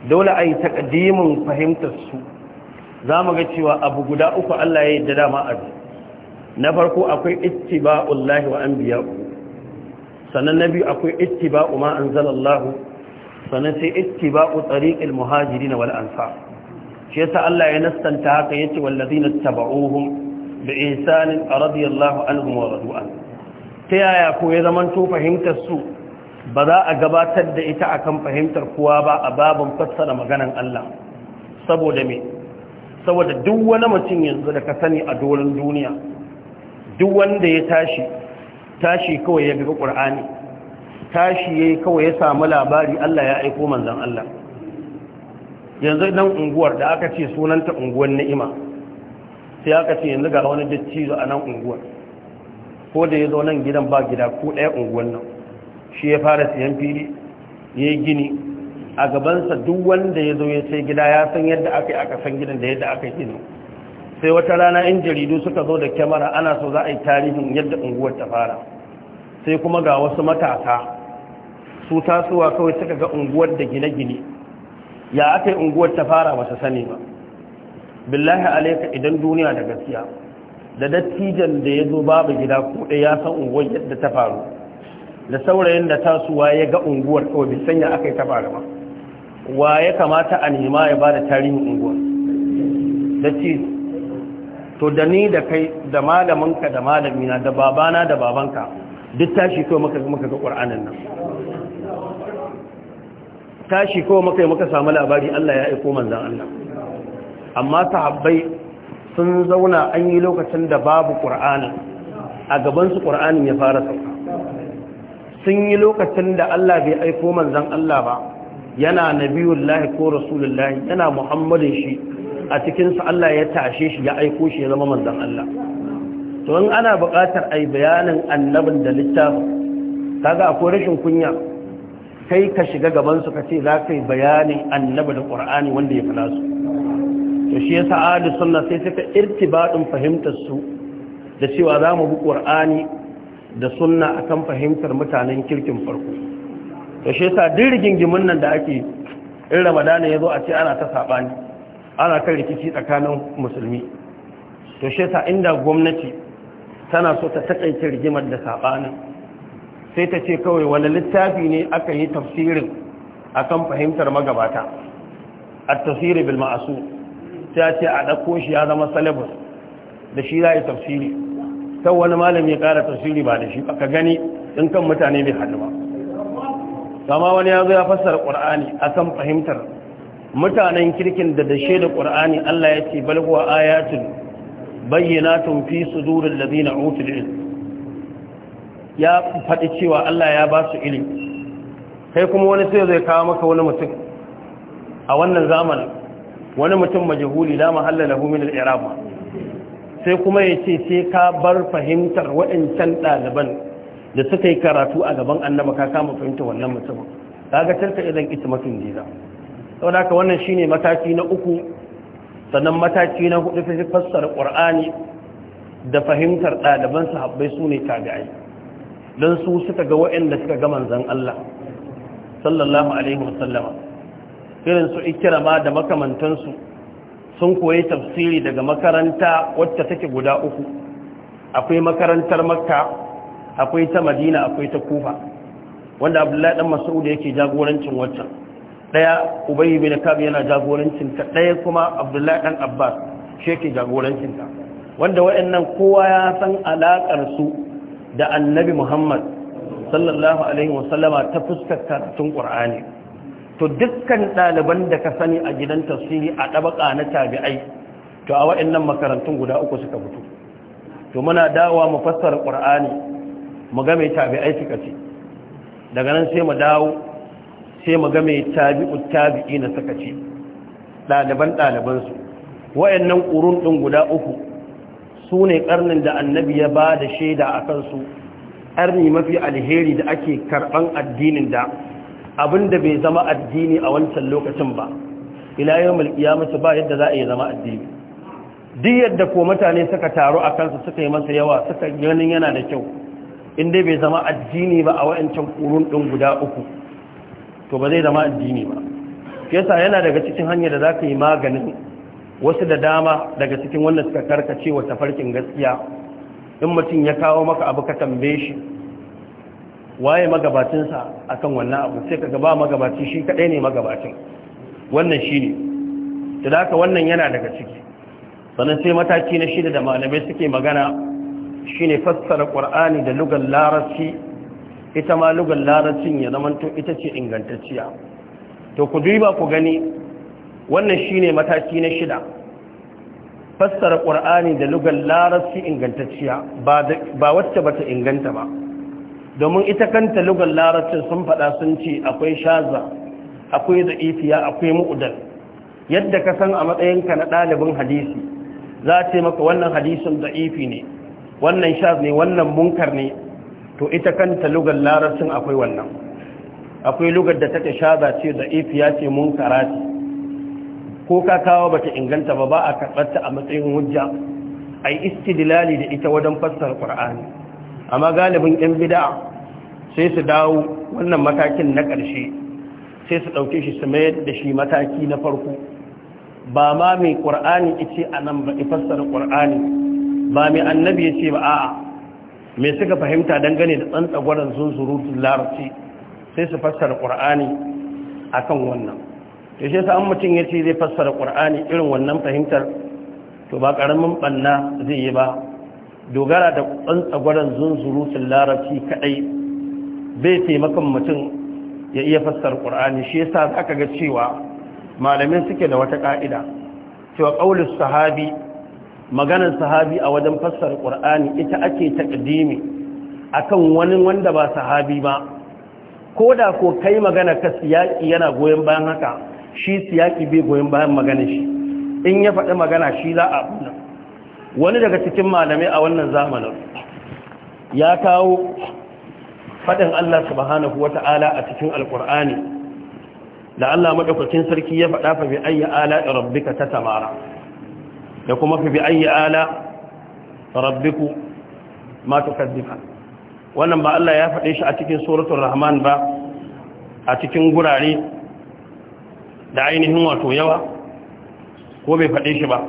C: dole a yi takadimin fahimtar su za mu ga cewa abu guda uku Allah ya yi da dama a na farko akwai ittiba'ul lahi wa anbiya'u sannan na biyu akwai ittiba'u ma anzalallahu sannan sai ittiba'u tariqil muhajirin wal ansar shi yasa Allah ya nastanta haka yace wallazina tabauhum bi ihsanin radiyallahu anhum wa radu anhum ta yaya ko ya zamanto fahimtar su ba za a gabatar da ita akan fahimtar kuwa ba a babin fassara maganan Allah saboda me saboda duk wani mutum yanzu da ka sani a doron duniya duk wanda ya tashi tashi kawai ya ga Qur'ani tashi yayi kawai ya samu labari Allah ya aika manzon Allah yanzu nan unguwar da aka ce sunanta unguwar ni'ima sai aka ce yanzu ga wani dattijo a nan unguwar ko da ya zo nan gidan ba gida ko ɗaya unguwan nan shi ya fara siyan fili ya yi gini a gabansa duk wanda ya zo ya sai gida ya san yadda aka yi aka san gidan da yadda aka yi sai wata rana in jaridu suka zo da kyamara ana so za a yi tarihin yadda unguwar ta fara sai kuma ga wasu matasa su tasowa kawai suka ga unguwar da gine-gine ya aka yi unguwar ta fara ba sani ba billahi alaika idan duniya da gaskiya da dattijan da ya zo babu gida kuɗe ya san unguwar yadda ta faru da saurayin da tasowa ya ga unguwar kawai bi sanya aka yi ta faru ba wa ya kamata a nema ya ba da tarihin unguwar ce to da ni da kai da malaminka da malamina da babana da babanka duk tashi kawai maka maka ga ƙwar'anin nan tashi kawai maka maka samu labari Allah ya aiko manzan Allah amma sahabbai sun zauna an yi lokacin da babu ƙur'ani a gabansu ƙur'ani ya fara sauka sun yi lokacin da Allah bai aiko manzan Allah ba yana nabiyullahi ko rasulullahi yana muhammadin shi a cikinsu Allah ya tashe shi ya aiko shi ya zama manzan Allah to in ana buƙatar yi bayanin annabin da littafin kaga akwai rashin kunya kai ka shiga gabansu ka ce za ka yi bayanin annabi da ƙur'ani wanda ya fi nasu to shi yasa ahli sunna sai suka irtibadin fahimtar su da cewa za mu bi qur'ani da sunna akan fahimtar mutanen kirkin farko to shi yasa duk rigingimin nan da ake in ramadana zo a ce ana ta sabani ana kan rikici tsakanin musulmi to shi yasa inda gwamnati tana so ta takaice rigimar da saɓanin sai ta ce kawai wani littafi ne aka yi tafsirin akan fahimtar magabata a tafsir bil ma'sum ta ce a ɗauko shi ya zama salabus da shi za yi tafsiri kan wani malam ya ƙara tafsiri ba da shi ba ka gani in kan mutane bai hannu
D: ba
C: kama wani ya zo ya fassara ƙur'ani a kan fahimtar mutanen kirkin da da shaida ƙur'ani allah ya ce balguwa ayatun tun fi sudurin da zina utul ya faɗi cewa allah ya ba su kai kuma wani sai zai kawo maka wani mutum a wannan zamanin wani mutum majahuli la mahalla lahu min al-i'rab sai kuma yace sai ka bar fahimtar waɗancan ɗaliban da suka yi karatu a gaban annaba ka kama fahimta wannan mutum kaga tarka idan ismatun jiza saboda haka wannan shine mataki na uku sannan mataki na hudu fi fassara qur'ani da fahimtar ɗaliban sahabbai su ne tabi'ai don su suka ga waɗanda suka ga manzon Allah sallallahu alaihi wasallama irin su ikirama da makamantansu sun koyi tafsiri daga makaranta wacce take guda uku akwai makarantar makka akwai ta madina akwai ta kufa wanda abdullahi dan mas'ud yake jagorancin waccan daya ubayy bin kab yana jagorancin ta daya kuma abdullahi dan abbas shi yake jagorancin ta wanda wayannan kowa ya san alakar su da annabi muhammad sallallahu alaihi wasallama ta fuskar karatun qur'ani to dukkan ɗaliban da ka sani a gidan tafsiri a ɗabaƙa na tabi'ai to a waɗannan makarantun guda uku suka mutu to muna dawowa mu fassara ƙur'ani mu ga mai tabi'ai suka ce daga nan sai mu dawo sai mu ga mai tabi'u tabi'i na suka ce ɗaliban ɗalibansu waɗannan ƙurun ɗin guda uku su ne ƙarnin da annabi ya ba da shaida a kansu ƙarni mafi alheri da ake karɓan addinin da Abin da bai zama addini a wancan lokacin ba ila yau masu ba yadda za a yi zama addini duk yadda ko mutane suka taru a kansa suka yi masa yawa suka ganin yana da kyau inda bai zama addini ba a wa'ancan kurun ɗin guda uku to ba zai zama addini ba yasa yana daga cikin hanya da zaka yi maganin wasu da dama daga cikin wanda suka karkace wa tafarkin gaskiya in mutum ya kawo maka abu ka tambaye shi waye magabacinsa akan wannan abu sai kaga ba magabaci shi kadai ne magabacin wannan shine to da haka wannan yana daga ciki sannan sai mataki na shida da malamai suke magana shine fassara qur'ani da lugal larabci ita ma lugal larabcin ya to ita ce ingantacciya to ku duba ku gani wannan shine mataki na shida fassara qur'ani da lugal larabci ingantacciya ba ba wacce bata inganta ba domin ita kanta lugar larabcin sun faɗa sun ce akwai shaza akwai za'ifiya akwai mu'udal yadda ka san a matsayinka na ɗalibin hadisi za a ce maka wannan hadisin za'ifi ne wannan shaz ne wannan munkar ne to ita kanta lugar larabcin akwai wannan akwai lugar da take shaza ce za'ifiya ce munkara ce ko ka kawo bata inganta ba ba a karɓarta a matsayin hujja ai istidlali da ita wajen fassara Qur'ani amma galibin ɗan bida'a sai su dawo wannan matakin na ƙarshe sai su ɗauke shi su mayar da shi mataki na farko ba ma mai ƙwar'ani ce a nan ba ifassar ƙwar'ani ba mai annabi ya ce ba a'a mai suka fahimta dangane da tsantsagwaron sun surutun larabci sai su fassara ƙwar'ani a kan wannan ya ce sa'an mutum ya ce zai fassara ƙwar'ani irin wannan fahimtar to ba ƙaramin ɓanna zai yi ba dogara da tsantsagwaron sun surutun larabci kaɗai bai taimakon mutum ya iya fassar ƙur'ani shi yasa za ka ga cewa malamin suke da wata ƙa'ida cewa ƙaunar sahabi maganar sahabi a wajen fassar ƙur'ani ita ake taƙadimi kan wani wanda ba sahabi ba ko da ko kai magana ka siyaƙi yana goyon bayan haka shi siyaƙi bai goyon bayan magana shi in ya faɗi magana shi za a wani daga cikin malamai a wannan zamanin ya kawo faɗin Allah subhanahu Ta'ala a cikin alkur'ani da Allah madaukakin sarki ya faɗa fa bi ayyi ala rabbika ta tatamara da kuma fa bi ayyi ala rabbiku ma tukaddifa wannan ba Allah ya faɗe shi a cikin suratul rahman ba a cikin gurare da ainihin wato yawa ko bai faɗe shi ba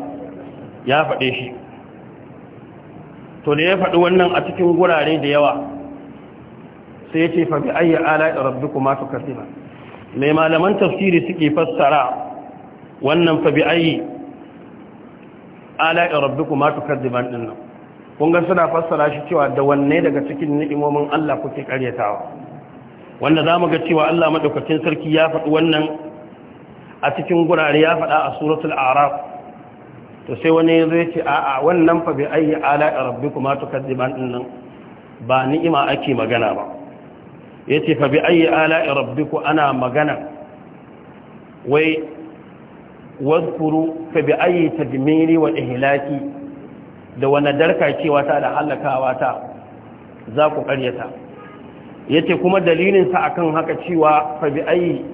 C: ya faɗe shi to da ya faɗi wannan a cikin gurare da yawa sai ce fa bi rabbi kuma rabbikuma tukasiba mai malaman tafsiri suke fassara wannan fa bi ayyi ala'i rabbikuma tukadiban din nan kun ga suna fassara shi cewa da wanne daga cikin ni'imomin Allah kuke karyatawa wanda zamu ga cewa Allah madaukakin sarki ya faɗi wannan a cikin gurare ya faɗa a suratul a'raf to sai wani zai ce a'a wannan fa bi ayyi ala'i rabbikuma tukadiban din nan ba ni'ima ake magana ba yace fa bi ayi ala'i rabbiku ana magana wai wadhkuru fa bi ayi tadmiri wa ihilaki da wani cewa ta da halakawa ta za ku karyata yace kuma dalilinsa akan haka cewa fa bi ayi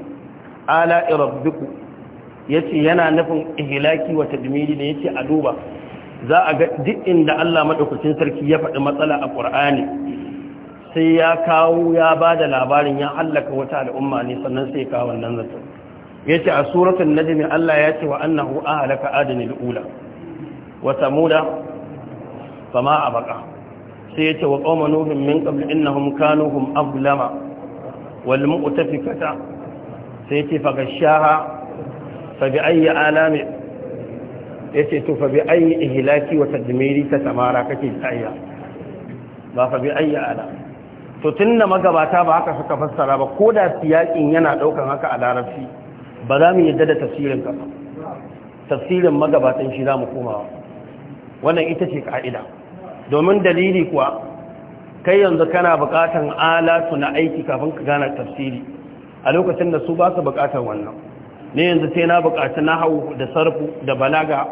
C: ala'i rabbiku yace yana nufin ihilaki wa tadmiri ne yace a duba za a ga duk inda Allah madaukakin sarki ya faɗi matsala a ƙur'ani. sai ya kawo ya ba da labarin ya hallaka wata al'umma ne sannan sai kawo wannan zato ya ce a suratun najmi Allah ya ce wa annahu a halaka adini Wata muda, ba ma a baka sai ya ce wa ƙauma nuhin min ƙabli innahum kanuhum abulama wal kata. sai ya ce fagashaha fa bi ayyi alami ya ce to fa bi ayyi ihlaki wa tadmiri ta samara kake tsaya ba fa bi ayyi ala to tun da magabata ba haka suka fassara ba ko da siyakin yana ɗaukar haka a larabci ba za mu yadda da tafsirin ka tafsirin magabatan shi za mu komawa wannan ita ce ka'ida domin dalili kuwa kai yanzu kana buƙatan alatu na aiki kafin ka gane tafsiri a lokacin da su ba su buƙatar wannan ne yanzu sai na buƙaci na hau da sarfu da balaga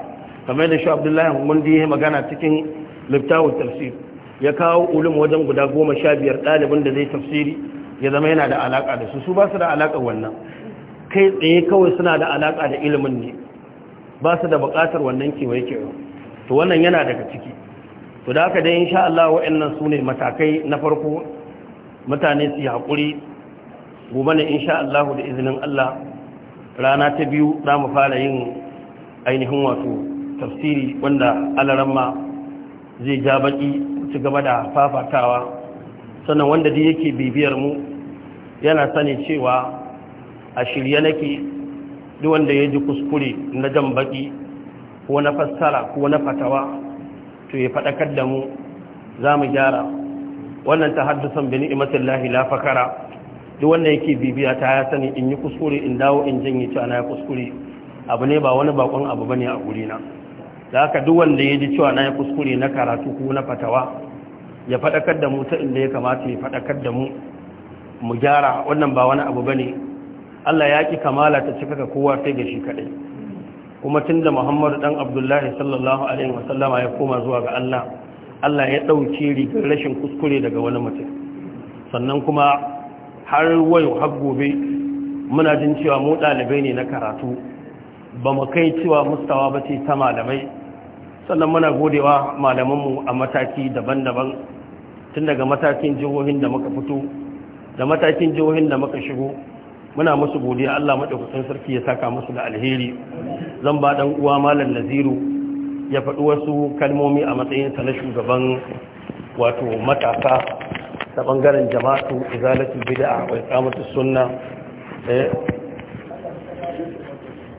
C: kamar da shi abdullahi mun magana cikin liftawar tafsir ya kawo ulum wajen guda goma sha biyar ɗalibin da zai tafsiri ya zama yana da alaƙa da su su ba su da alaƙa wannan kai tsaye kawai suna da alaƙa da ilimin ne ba su da buƙatar wannan kewaye kewa to wannan yana daga ciki to da haka dai insha Allah wa'annan su ne matakai na farko mutane su yi haƙuri gobe ne insha Allah da izinin Allah rana ta biyu za mu fara yin ainihin wato tafsiri wanda alaramma zai ja baƙi ci gaba da fafatawa sannan wanda da yake bibiyar mu yana sani cewa a shirye nake duk wanda ya ji kuskure na jan baki ko na fassara ko na fatawa to ya faɗakar da mu za mu gyara wannan ta haddusan bi ni'imatin lahi fakara duk wanda yake bibiya ta ya sani in yi kuskure in dawo in janye cewa na ya kuskure abu ne ba wani bakon abu ne a na da haka duk wanda ya ji cewa na ya kuskure na karatu ko na fatawa ya faɗakar da mu ta inda ya kamata ya faɗakar da mu mu gyara wannan ba wani abu bane Allah ya ki kamala ta cika ga kowa sai ga shi kaɗai kuma tunda Muhammadu dan Abdullahi sallallahu alaihi wasallama ya koma zuwa ga Allah Allah ya ɗauke rigar rashin kuskure daga wani mutum sannan kuma har wayo har gobe muna jin cewa mu ɗalibai ne na karatu ba mu kai cewa mustawa ba ce ta malamai sannan muna godewa malamanmu a mataki daban-daban tun daga matakin jihohin da muka fito da matakin jihohin da muka shigo muna musu godiya Allah madaukakin sarki ya saka musu da alheri zan ba dan uwa malam Naziru ya faɗi wasu kalmomi a matsayin sa na shugaban wato matasa ta bangaren jama'atu izalatul bid'a wa iqamatus sunna eh,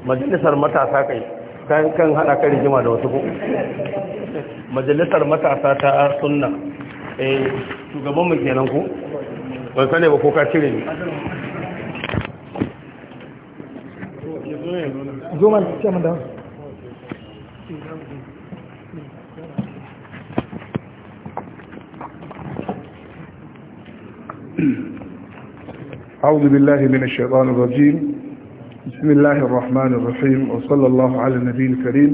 C: majalisar matasa kai kan kan hada kai rigima da wasu ko majalisar matasa ta sunna shugaban mai kenan ku wani sane ba koka cire
E: ne zo man ce man أعوذ بالله من الشيطان الرجيم بسم الله الرحمن الرحيم وصلى الله على النبي الكريم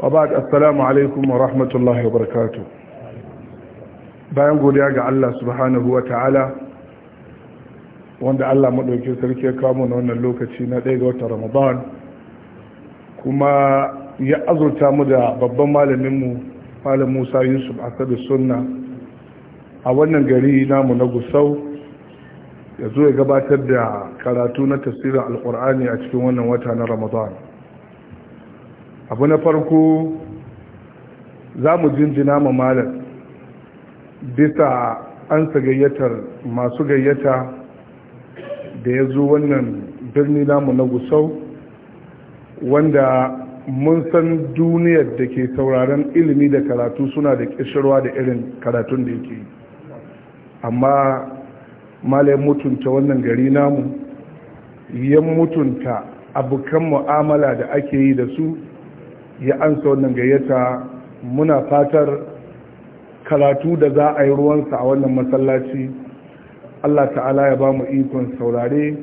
E: وبعد السلام عليكم ورحمة الله وبركاته bayan godiya ga Allah subhanahu wa ta'ala wanda Allah maɗauki sarki ya kawo na wannan lokaci na ɗaya ga watan ramadan kuma ya azurta mu da babban malaminmu malam musa yusuf asadu sunna a wannan gari namu na gusau ya zo ya gabatar da karatu na tasirin alkur'ani a cikin wannan wata na ramadan abu na farko za mu jinjina ma malam bisa an gayyatar masu gayyata da ya zo wannan birni namu na gusau wanda mun san duniyar da ke sauraron ilimi da karatu suna da kishirwa da irin karatun da yake amma malayin mutunta wannan gari namu yan mutunta abokan mu'amala da ake yi da su ya ansa wannan gayyata muna fatar karatu da za a yi ruwansa a wannan masallaci allah ta'ala ya ba mu ikon saurare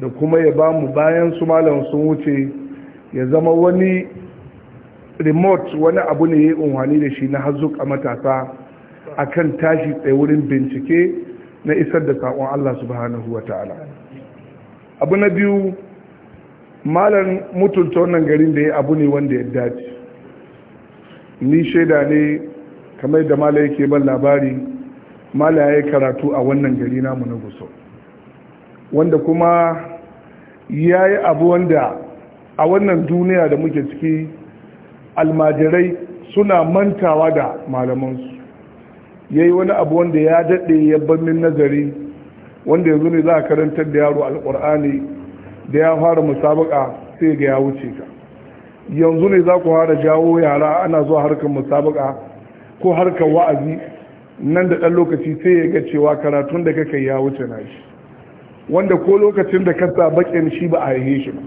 E: da kuma ya ba mu bayan su malam sun wuce ya zama wani remote wani abu ne ya yi unhani da shi na hazzuk a matasa a kan tashi tsaye wurin bincike na isar da saƙon allah subhanahu wa ta'ala abu na biyu malam mutunta wannan garin da ya abu ne wanda ya dace ni shaida ne kamar da mala yake ban labari mala ya yi karatu a wannan gari namu na guso wanda kuma ya yi abu wanda a wannan duniya da muke ciki almajirai suna mantawa da malamansu ya yi wani abu wanda ya daɗe ya birnin nazari wanda yanzu ne za a karantar da yaro alƙur'ani da ya fara musabaka sai ga ya wuce ka yanzu ne za ku fara jawo yara ana zuwa harkar musabaka ko ka wa'azi nan da ɗan lokaci sai ya ga cewa karatun da kaka ya wuce na shi wanda ko lokacin da ka sa bakin shi ba a haihe shi ba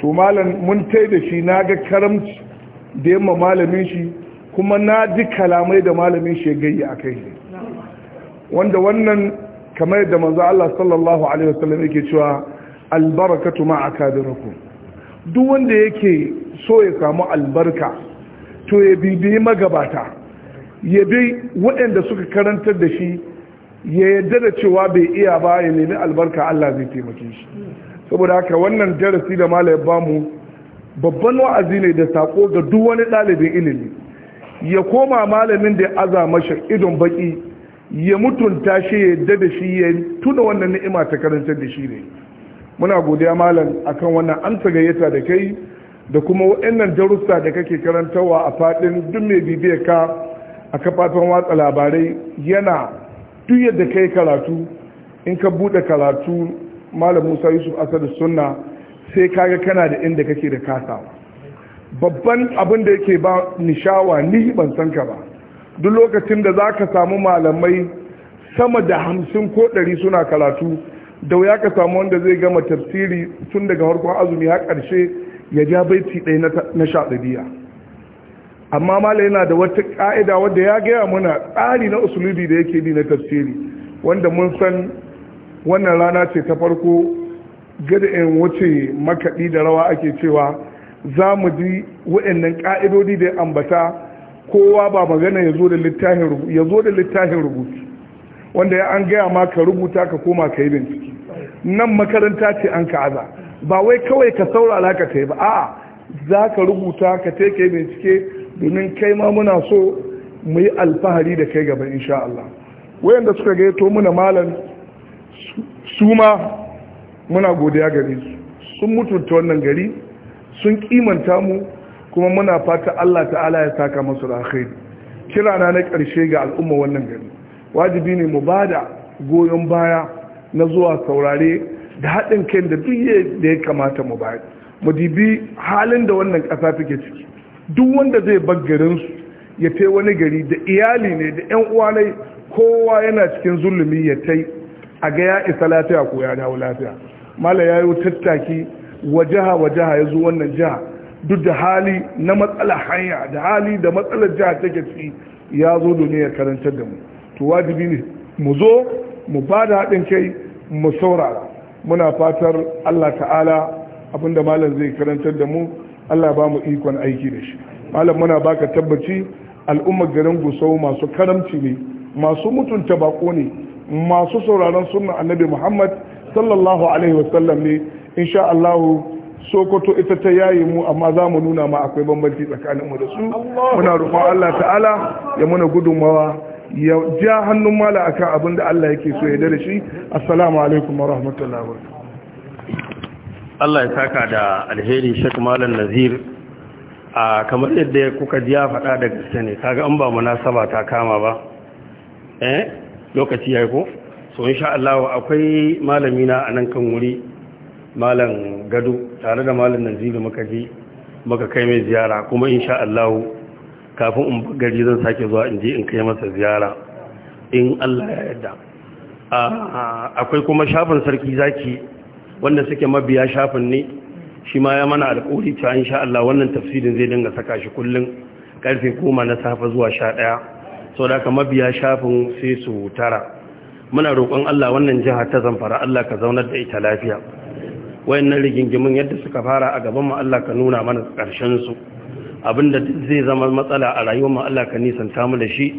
E: to malam mun tai da shi na ga karamci da yamma malamin shi kuma na ji kalamai da malamin shi ya gayya a kai wanda wannan kamar da manzo Allah sallallahu alaihi wasallam yake cewa albarakatu ma'a kadirakum duk wanda yake so ya samu albarka to ya bibiyi magabata ya bi waɗanda suka karantar da shi ya yadda da cewa bai iya ba ya nemi albarka Allah zai taimake shi saboda haka wannan darasi da malam ba mu babban wa'azi ne da sako ga duk wani ɗalibin ilimi ya koma malamin da aza masa idon baki ya mutunta shi ya yadda da shi ya tuna wannan ni'ima ta karantar da shi ne muna godiya malam akan wannan amsa gayyata da kai da kuma waɗannan darussa da kake karantarwa a faɗin duk mai bibiyar ka a kafafen watsa labarai yana duk yadda kai karatu in ka bude karatu malam musa yusuf asadu sunna sai kaga kana da inda kake da kasa babban abin da yake ba nishawa ni ban san ka ba duk lokacin da za ka samu malamai sama da hamsin ko ɗari suna karatu da wuya ka samu wanda zai gama tafsiri tun daga harkar azumi har ƙarshe ya ja baiti ɗaya na sha ɗabi'a amma mala yana da wata ka'ida wanda ya gaya mana tsari na usulubi da yake bi na tafsiri wanda mun san wannan rana ce ta farko gada in wuce makaɗi da rawa ake cewa za mu ji wa'annan ka'idodi da ambata kowa ba magana ya zo da littafin rubutu wanda ya an gaya ma ka rubuta ka koma ka yi bincike nan makaranta ce an ka'aza ba wai kawai ka saurara ka ta yi ba a'a za ka rubuta ka yi bincike domin kai ma muna so mu yi alfahari da kai gaba insha Allah wayanda suka gaito muna malam su ma muna godiya gare su sun mutunta wannan gari sun kimanta mu kuma muna fata Allah ta'ala ya saka masu da alkhairi kirana na ƙarshe ga al'umma wannan gari wajibi ne mu bada goyon baya na zuwa saurare da haɗin kai da duk da ya kamata mu bayar mu dibi halin da wannan ƙasa take ciki duk wanda zai bar garinsu ya tai wani gari da iyali ne da 'yan uwanai kowa yana cikin zulumi ya tai a ga ya isa lafiya ko ya dawo lafiya mala ya yi tattaki wajaha wajaha ya zo wannan jiha duk da hali na matsala hanya da hali da matsalar jiha ta ciki ya zo domin ya karantar da mu to wajibi ne mu zo mu ba da haɗin kai mu saurara muna fatar allah ta'ala abinda malam zai karantar da mu Allah ba mu ikon aiki da shi malam muna baka tabbaci al'ummar garin gusau masu karamci ne masu mutunta bako ne masu sauraron sunna annabi muhammad sallallahu alaihi wasallam ne insha Allah sokoto ita ta yayi mu amma za mu nuna ma akwai bambanci tsakanin mu da su muna roƙon Allah ta'ala ya muna gudunmawa ya ja hannun mala akan abin da Allah yake so ya da shi assalamu alaikum wa rahmatullahi wa barakatuh
C: Allah ya saka da alheri Sheikh Malam Nazir a kamar yadda kuka ji ya faɗa da gaske ne kaga an ba munasaba ta kama ba eh lokaci yayi ko so insha Allah akwai malami na anan kan wuri malam Gado tare da malam Nazir muka ji muka kai mai ziyara kuma insha Allah kafin in gari zan sake zuwa in je in kai masa ziyara in Allah ya yarda akwai kuma shafin sarki zaki wanda suke mabiya shafin ne shi ma ya mana alƙawari cewa insha Allah wannan tafsirin zai dinga saka shi kullun karfe 10 na safe zuwa 11 saboda ka mabiya shafin sai su tara muna roƙon Allah wannan jiha ta zamfara Allah ka zaunar da ita lafiya wayannan rigingimin yadda suka fara a gaban mu Allah ka nuna mana ƙarshen su abinda zai zama matsala a rayuwar mu Allah ka nisanta mu da shi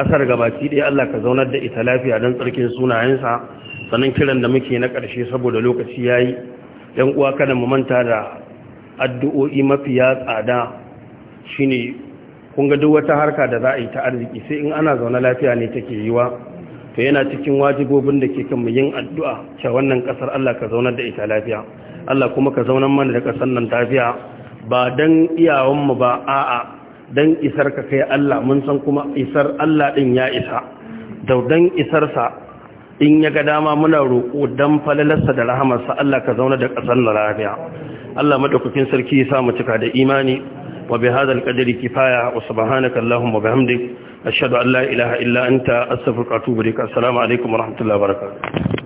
C: kasar gabaki ɗaya Allah ka zaunar da ita lafiya don tsarkin sunayensa sannan kiran da muke na ƙarshe saboda lokaci ya yi ‘yan uwa kada mu manta da addu'o'i mafiya tsada shi ne kunga duk wata harka da za a yi ta arziki sai in ana zaune lafiya ne take yiwa to yana cikin wajibobin da ke kan mu yin addu'a cewa wannan ƙasar Allah ka zaunar da ita lafiya Allah kuma ka zaunar mana da ƙasar nan lafiya ba don iyawanmu ba a'a don isar ka kai Allah mun san kuma isar Allah ɗin ya isa da dan isarsa in ya ga dama muna roƙo don falalarsa da rahamarsa Allah ka zauna da ƙasar na lafiya Allah madaukakin sarki ya samu cika da imani wa bi hadal qadri kifaya wa subhanaka allahumma bihamdik ashhadu an la ilaha illa anta astaghfiruka wa atubu ilaik assalamu alaikum wa rahmatullahi wa barakatuh